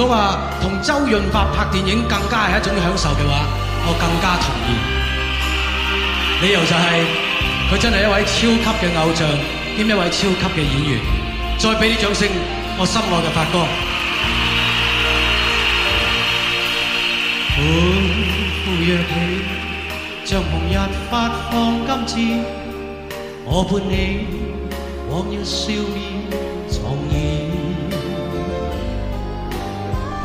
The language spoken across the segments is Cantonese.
如果話同周潤發拍電影更加係一種享受嘅話，我更加同意。理由就係佢真係一位超級嘅偶像兼一位超級嘅演員。再俾啲掌聲，我心愛嘅發哥。歡呼躍起，像紅日發放金箭，我伴你，往日笑面。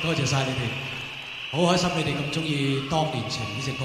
多謝晒你哋，好開心你哋咁中意當年情呢隻歌。